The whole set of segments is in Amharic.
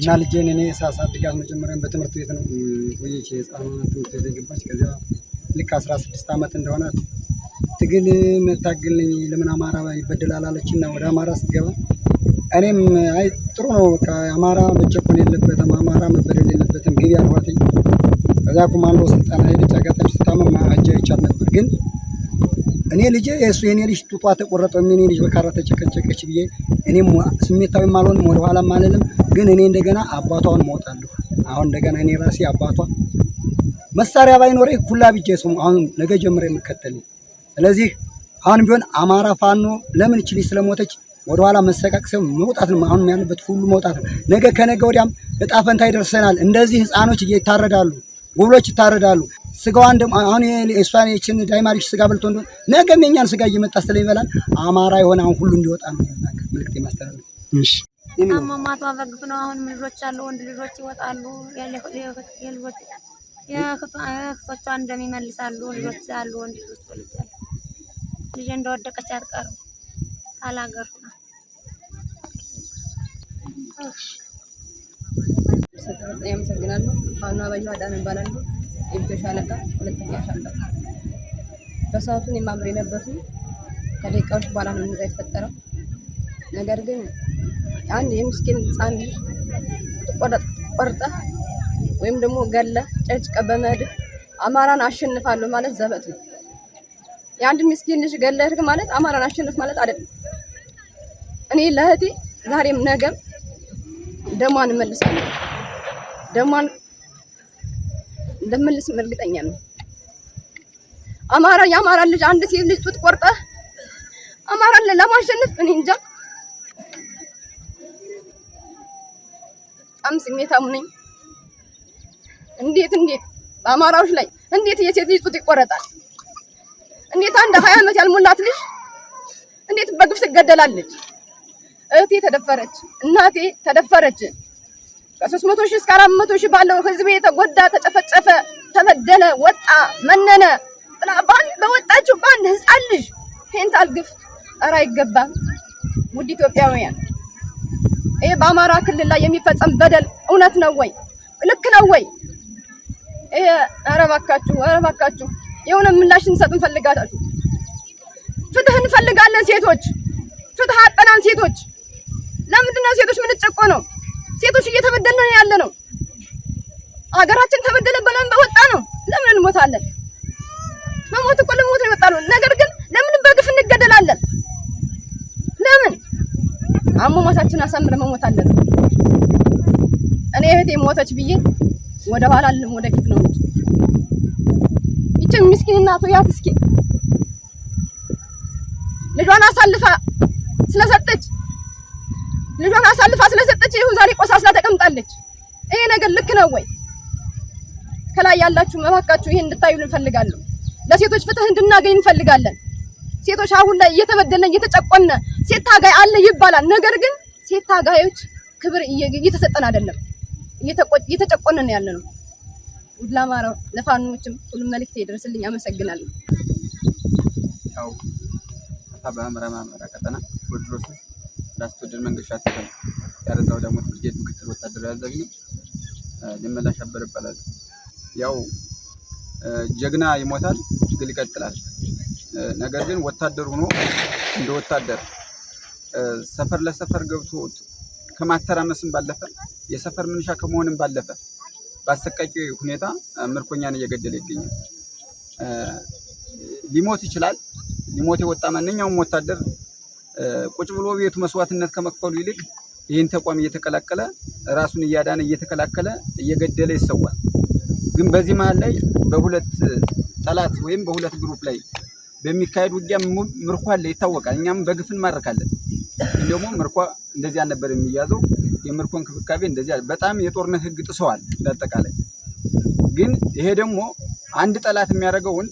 እና ልጄን እኔ ሳሳድጋት መጀመሪያም በትምህርት ቤት ነው ቆየች። የህፃናት ትምህርት ቤት የገባች ከዚያ ልክ አስራ ስድስት ዓመት እንደሆናት ትግል መታግልኝ ለምን አማራ ይበደላል አለች እና ወደ አማራ ስትገባ እኔም አይ ጥሩ ነው በቃ አማራ መጨቆን የለበትም አማራ መበደል የለበትም ግቢ አልኋትኝ። ከዛ ኮማንዶ ስልጠና ሄደች። አጋጣሚ ስታመም እጄ አይቻል ነበር ግን እኔ ልጅ እሱ የኔ ልጅ ጡጧ ተቆረጠ ወይም የኔ ልጅ በካራ ተጨቀጨቀች ብዬ እኔም ስሜታዊም አልሆንም፣ ወደኋላ አልልም። ግን እኔ እንደገና አባቷን ሞታለሁ። አሁን እንደገና እኔ ራሴ አባቷ መሳሪያ ባይኖሬ ኩላ ብቻ ስሙ አሁን ነገ ጀምሬ የምከተል ስለዚህ አሁን ቢሆን አማራ ፋኖ ለምን እችል ስለሞተች ወደኋላ መሰቃቅ ሰው መውጣት ነው። አሁንም ያለበት ሁሉ መውጣት ነው። ነገ ከነገ ወዲያም እጣ ፈንታ ይደርሰናል። እንደዚህ ህፃኖች ይታረዳሉ፣ ጉብሎች ይታረዳሉ። ስጋዋን ደግሞ አሁን እሷን ይችን ዳይማሪሽ ስጋ በልቶ እንደሆነ ነገም የእኛን ስጋ እየመጣ ስለሚበላን አማራ የሆነ አሁን ሁሉ እንዲወጣ ነው ምልክት የማስተላለፍ። አሟሟቷ በግፍ ነው። አሁንም ልጆች አሉ፣ ወንድ ልጆች ይወጣሉ፣ የእህቶቿን እንደሚመልሳሉ ልጆች አሉ፣ ወንድ ልጆች ወልጃለሁ። ልጄ እንደወደቀች አትቀርም አላገር ነው። አመሰግናለሁ። አሁን አበየሁ አዳነ እባላለሁ። የቤቶች አለቃ ሁለተኛ ሻለቃ በሰዓቱን የማምር የነበርኩ ከደቂቃዎች በኋላ ነው እዛ የተፈጠረው ነገር ግን አንድ የምስኪን ህፃን ልጅ ቆርጠ ወይም ደግሞ ገለ ጨጭቀ በመድፍ አማራን አሸንፋለሁ ማለት ዘበት ነው። የአንድ ምስኪን ልጅ ገለህ ማለት አማራን አሸንፍ ማለት አይደለም። እኔ ለእህቴ ዛሬም ነገም ደሟን እመልሳለሁ። ደሟን እንደምልስም እርግጠኛ ነው። አማራ የአማራ ልጅ አንድ ሴት ልጅ ጡት ቆርጠ አማራን ለማሸነፍ እኔ እንጃ በጣም ስሜታም ነኝ። እንዴት እንዴት በአማራዎች ላይ እንዴት የሴት ልጅ ጡት ይቆረጣል? እንዴት አንድ ሀያ ዓመት ያልሞላት ልጅ እንዴት በግፍ ትገደላለች? እህቴ ተደፈረች፣ እናቴ ተደፈረች። ከሶስት መቶ ሺህ እስከ አራት መቶ ሺህ ባለው ህዝብ የተጎዳ ተጨፈጨፈ፣ ተበደለ፣ ወጣ፣ መነነ ብላ በወጣችው በአንድ ህፃን ልጅ ፔንታል ግፍ ኧረ አይገባም። ውድ ኢትዮጵያውያን ይሄ በአማራ ክልል ላይ የሚፈጸም በደል እውነት ነው ወይ? ልክ ነው ወይ? ይሄ ኧረ እባካችሁ፣ ኧረ እባካችሁ የሆነ ምላሽ እንሰጥ እንፈልጋታችሁ። ፍትህ እንፈልጋለን ሴቶች፣ ፍትህ አጠናን ሴቶች። ለምንድነው ነው ሴቶች ምንጨቆ ነው? ሴቶች እየተበደልን ያለ ነው። አገራችን ተበደለ ብለን በወጣ ነው። ለምን እንሞታለን? መሞት እኮ ለሞት ነው የወጣ ነገር ግን ለምን በግፍ እንገደላለን? ለምን አሟሟታችን አሳምረ መሞት አለን። እኔ እህቴ ሞተች ብዬ ወደ ኋላ ወደፊት ነው እንጂ ይቺን ምስኪን እናቱ ያት እስኪ ልጇን አሳልፋ ስለሰጠች ልጇን አሳልፋ ዛሬ ቆሳስላ ተቀምጣለች። ይሄ ነገር ልክ ነው ወይ? ከላይ ያላችሁ መባካችሁ ይሄን እንድታዩ እንፈልጋለሁ። ለሴቶች ፍትህ እንድናገኝ እንፈልጋለን። ሴቶች አሁን ላይ እየተበደለን እየተጨቆነ ሴት ታጋይ አለ ይባላል። ነገር ግን ሴት ታጋዮች ክብር እየተሰጠን አይደለም፣ እየተጨቆነን ያለ ነው። ለአማራ ለፋኖችም ሁሉም መልእክት ይደርስልኝ። አመሰግናለሁ። ያው ታባ አምራ ማምራ ቀጠና ወድሮስ ራስ ተወደድ መንገሻ ያረዛው ደግሞ ብርጌድ ምክትል ወታደር አዛዥ ነው። ልመላሽ አበር ይባላል። ያው ጀግና ይሞታል፣ ትግል ይቀጥላል። ነገር ግን ወታደር ሆኖ እንደ ወታደር ሰፈር ለሰፈር ገብቶ ከማተራመስም ባለፈ የሰፈር ምንሻ ከመሆንም ባለፈ በአሰቃቂ ሁኔታ ምርኮኛን እየገደለ ይገኛል። ሊሞት ይችላል። ሊሞት የወጣ ማንኛውም ወታደር ቁጭ ብሎ ቤቱ መስዋዕትነት ከመክፈሉ ይልቅ ይህን ተቋም እየተቀላቀለ ራሱን እያዳነ እየተከላከለ እየገደለ ይሰዋል። ግን በዚህ መሀል ላይ በሁለት ጠላት ወይም በሁለት ግሩፕ ላይ በሚካሄድ ውጊያ ምርኮ አለ ይታወቃል። እኛም በግፍ እንማርካለን። ግን ደግሞ ምርኮ እንደዚህ አልነበር የሚያዘው። የምርኮ እንክብካቤ እንደዚህ በጣም የጦርነት ህግ ጥሰዋል። ለአጠቃላይ ግን ይሄ ደግሞ አንድ ጠላት የሚያደርገውን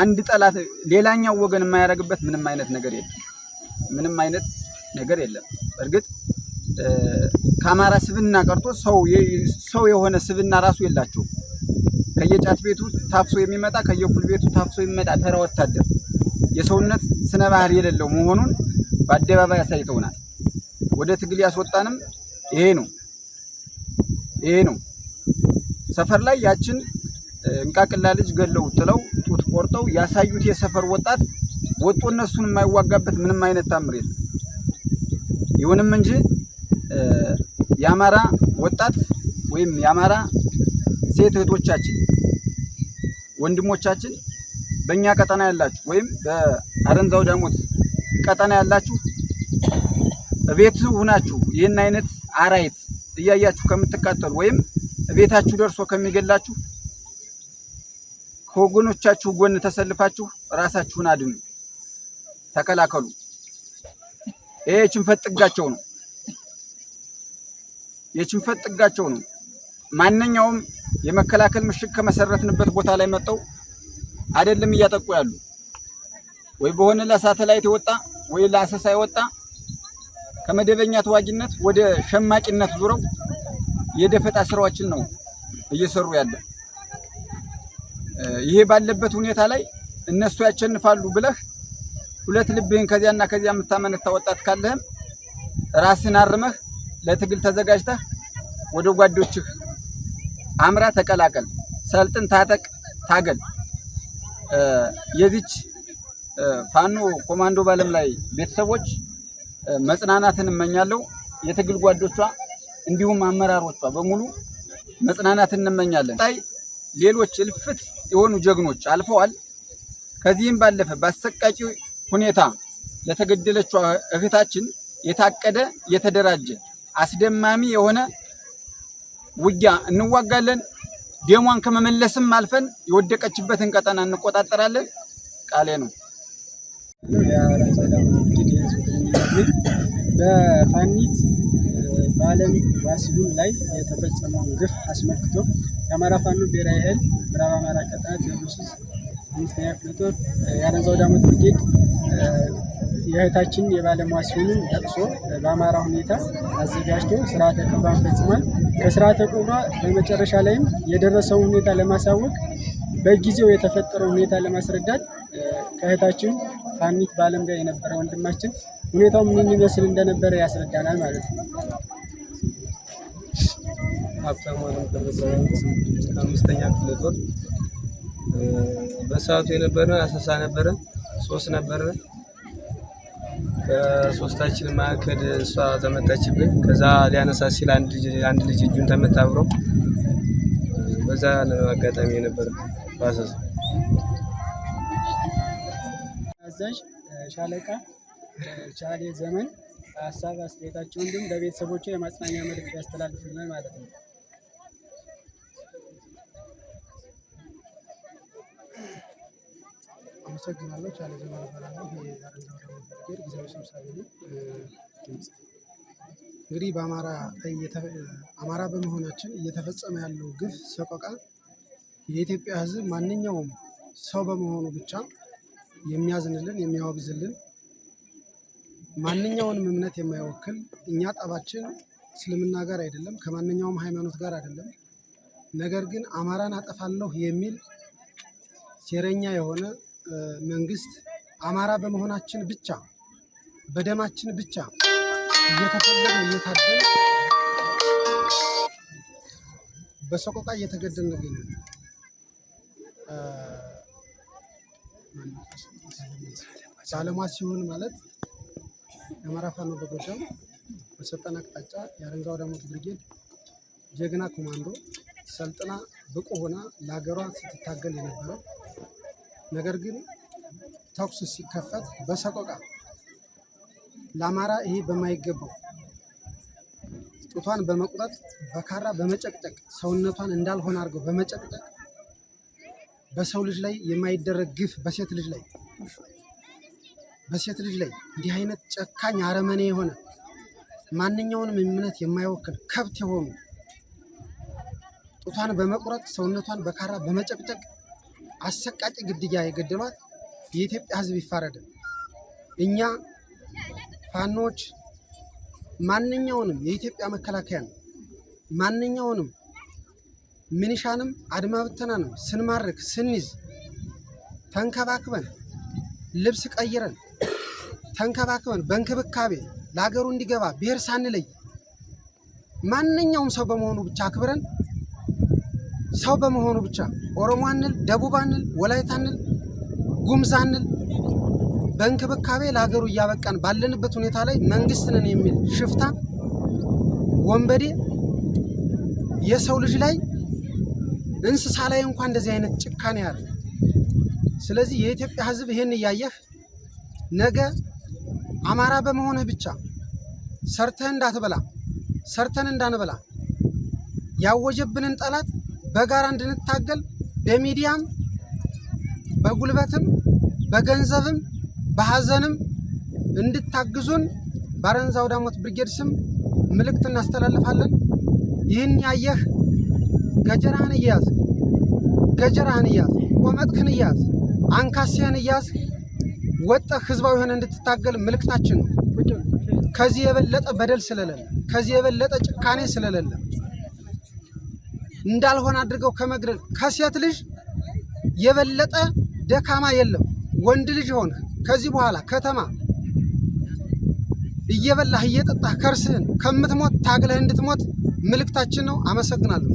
አንድ ጠላት ሌላኛው ወገን የማያደርግበት ምንም አይነት ነገር የለም ምንም አይነት ነገር የለም። እርግጥ ከአማራ ስብና ቀርቶ ሰው የሆነ ስብና ራሱ የላቸውም። ከየጫት ቤቱ ታፍሶ የሚመጣ ከየኩል ቤቱ ታፍሶ የሚመጣ ተራ ወታደር የሰውነት ስነ ባህር የሌለው መሆኑን በአደባባይ አሳይተውናል። ወደ ትግል ያስወጣንም ይሄ ነው ይሄ ነው። ሰፈር ላይ ያችን እንቃቅላ ልጅ ገለው ጥለው ጡት ቆርጠው ያሳዩት የሰፈር ወጣት ወጦ እነሱን የማይዋጋበት ምንም አይነት ታምር የለም። ይሁንም እንጂ የአማራ ወጣት ወይም የአማራ ሴት እህቶቻችን ወንድሞቻችን በእኛ ቀጠና ያላችሁ ወይም በአረንዛው ዳሞት ቀጠና ያላችሁ ቤት ሁናችሁ ይህን አይነት አራይት እያያችሁ ከምትቃጠሉ ወይም ቤታችሁ ደርሶ ከሚገላችሁ ከወገኖቻችሁ ጎን ተሰልፋችሁ ራሳችሁን አድኑ፣ ተከላከሉ። ይሄ ጥጋቸው ነው። ጥጋቸው ነው። ማንኛውም የመከላከል ምሽግ ከመሰረትንበት ቦታ ላይ መጠው አይደለም እያጠቁ ያሉ ወይ በሆነ ለሳተላይት የወጣ ወይ ለአሰሳ የወጣ ከመደበኛ ተዋጊነት ወደ ሸማቂነት ዙረው የደፈጣ ስራዎችን ነው እየሰሩ ያለ። ይሄ ባለበት ሁኔታ ላይ እነሱ ያቸንፋሉ ብለህ ሁለት ልብህን ከዚያና ከዚያ የምታመነታ ወጣት ካለህም ራስን አርመህ ለትግል ተዘጋጅተህ ወደ ጓዶችህ አምራ ተቀላቀል። ሰልጥን፣ ታጠቅ፣ ታገል። የዚች ፋኖ ኮማንዶ ባለም ላይ ቤተሰቦች መጽናናትን እመኛለሁ። የትግል ጓዶቿ እንዲሁም አመራሮቿ በሙሉ መጽናናትን እንመኛለን። ጣይ ሌሎች እልፍት የሆኑ ጀግኖች አልፈዋል። ከዚህም ባለፈ በአሰቃቂው ሁኔታ ለተገደለች እህታችን የታቀደ የተደራጀ አስደማሚ የሆነ ውጊያ እንዋጋለን። ደሟን ከመመለስም አልፈን የወደቀችበትን ቀጠና እንቆጣጠራለን። ቃሌ ነው። በፋኒት በአለም ዋሲሁን ላይ የተፈጸመውን ግፍ አስመልክቶ የአማራ ፋኖ ብሔራዊ ኃይል ምዕራብ አማራ ቀጠና ቴዎድሮስ አምስተኛ ክፍለ ጦር የአረንዛው ዳሞት ብርጌድ የእህታችን የባለሟ ሲሆንን ጠቅሶ በአማራ ሁኔታ አዘጋጅቶ ስርዓተ ቀብሯን ፈጽሟል። ከስርዓተ ቀብሯ በመጨረሻ ላይም የደረሰውን ሁኔታ ለማሳወቅ በጊዜው የተፈጠረው ሁኔታ ለማስረዳት ከእህታችን ፋኒት በአለም ጋር የነበረ ወንድማችን ሁኔታው ምን ይመስል እንደነበረ ያስረዳናል ማለት ነው። ሀብታሙ አለም ከአምስተኛ ክፍለ ጦር በሰዓቱ የነበረ አሰሳ ነበረ፣ ሶስት ነበረ። ከሶስታችን መካከል እሷ ተመታችብን። ከዛ ሊያነሳ ሲል አንድ ልጅ እጁን ተመታ አብሮ። በዛ አጋጣሚ የነበረ በአሰሳ አዛዥ ሻለቃ ቻሌ ዘመን ሀሳብ አስተያየታቸው እንዲሁም ለቤተሰቦቹ የማጽናኛ መልዕክት ያስተላልፉልናል ማለት ነው። አመሰግናለሁ ቻለ ዘመን እባላለሁ ጊዜያዊ ሰብሳቢ ነኝ። እንግዲህ በአማራ አማራ በመሆናችን እየተፈጸመ ያለው ግፍ ሰቆቃ የኢትዮጵያ ሕዝብ ማንኛውም ሰው በመሆኑ ብቻ የሚያዝንልን የሚያወግዝልን ማንኛውንም እምነት የማይወክል እኛ ጠባችን እስልምና ጋር አይደለም፣ ከማንኛውም ሃይማኖት ጋር አይደለም። ነገር ግን አማራን አጠፋለሁ የሚል ሴረኛ የሆነ መንግስት አማራ በመሆናችን ብቻ በደማችን ብቻ እየተፈለግ እየታደል በሰቆቃ እየተገደል እንገኛል። ባለሟ ሲሆን ማለት የአማራ ፋኖ በጎጃም በሰጠን አቅጣጫ የአረንጋው ዳሞት ብርጌድ ጀግና ኮማንዶ ሰልጥና ብቁ ሆና ለሀገሯ ስትታገል የነበረው ነገር ግን ተኩስ ሲከፈት በሰቆቃ ለአማራ ይሄ በማይገባው ጡቷን በመቁረጥ በካራ በመጨቅጨቅ ሰውነቷን እንዳልሆነ አድርገው በመጨቅጨቅ በሰው ልጅ ላይ የማይደረግ ግፍ በሴት ልጅ ላይ በሴት ልጅ ላይ እንዲህ አይነት ጨካኝ አረመኔ የሆነ ማንኛውንም እምነት የማይወክል ከብት የሆኑ ጡቷን በመቁረጥ ሰውነቷን በካራ በመጨቅጨቅ አሰቃቂ ግድያ የገደሏት የኢትዮጵያ ሕዝብ ይፋረድ። እኛ ፋኖች ማንኛውንም የኢትዮጵያ ነው ማንኛውንም ምንሻንም አድማ ብተናንም ስንማርክ ስንይዝ ተንከባክበን ልብስ ቀይረን ተንከባክበን በእንክብካቤ ለሀገሩ እንዲገባ ብሔር ሳንለይ ማንኛውም ሰው በመሆኑ ብቻ አክብረን ሰው በመሆኑ ብቻ ኦሮሞ አንል፣ ደቡብ አንል፣ ወላይታ አንል፣ አንል በእንክብካቤ ለሀገሩ እያበቃን ባለንበት ሁኔታ ላይ መንግስትንን የሚል ሽፍታ ወንበዴ የሰው ልጅ ላይ እንስሳ ላይ እንኳን እንደዚህ አይነት ጭካኔ ያለ። ስለዚህ የኢትዮጵያ ሕዝብ ይህን እያየህ ነገ አማራ በመሆንህ ብቻ ሰርተህ እንዳትበላ ሰርተን እንዳንበላ ያወጀብንን ጠላት በጋራ እንድንታገል በሚዲያም በጉልበትም በገንዘብም በሀዘንም እንድታግዙን ባረንዛው ዳሞት ብርጌድ ስም ምልክት እናስተላልፋለን። ይህን ያየህ ገጀራህን እያዝ፣ ገጀራህን እያዝ፣ ቆመጥክን እያዝ፣ አንካሴህን እያዝ፣ ወጠህ ህዝባዊ ሆነ እንድትታገል ምልክታችን ነው። ከዚህ የበለጠ በደል ስለሌለ፣ ከዚህ የበለጠ ጭካኔ ስለሌለ እንዳልሆነ አድርገው ከመግደል ከሴት ልጅ የበለጠ ደካማ የለም። ወንድ ልጅ ሆነ ከዚህ በኋላ ከተማ እየበላህ እየጠጣህ ከርስህን ከምትሞት ታግለህ እንድትሞት ምልክታችን ነው። አመሰግናለሁ።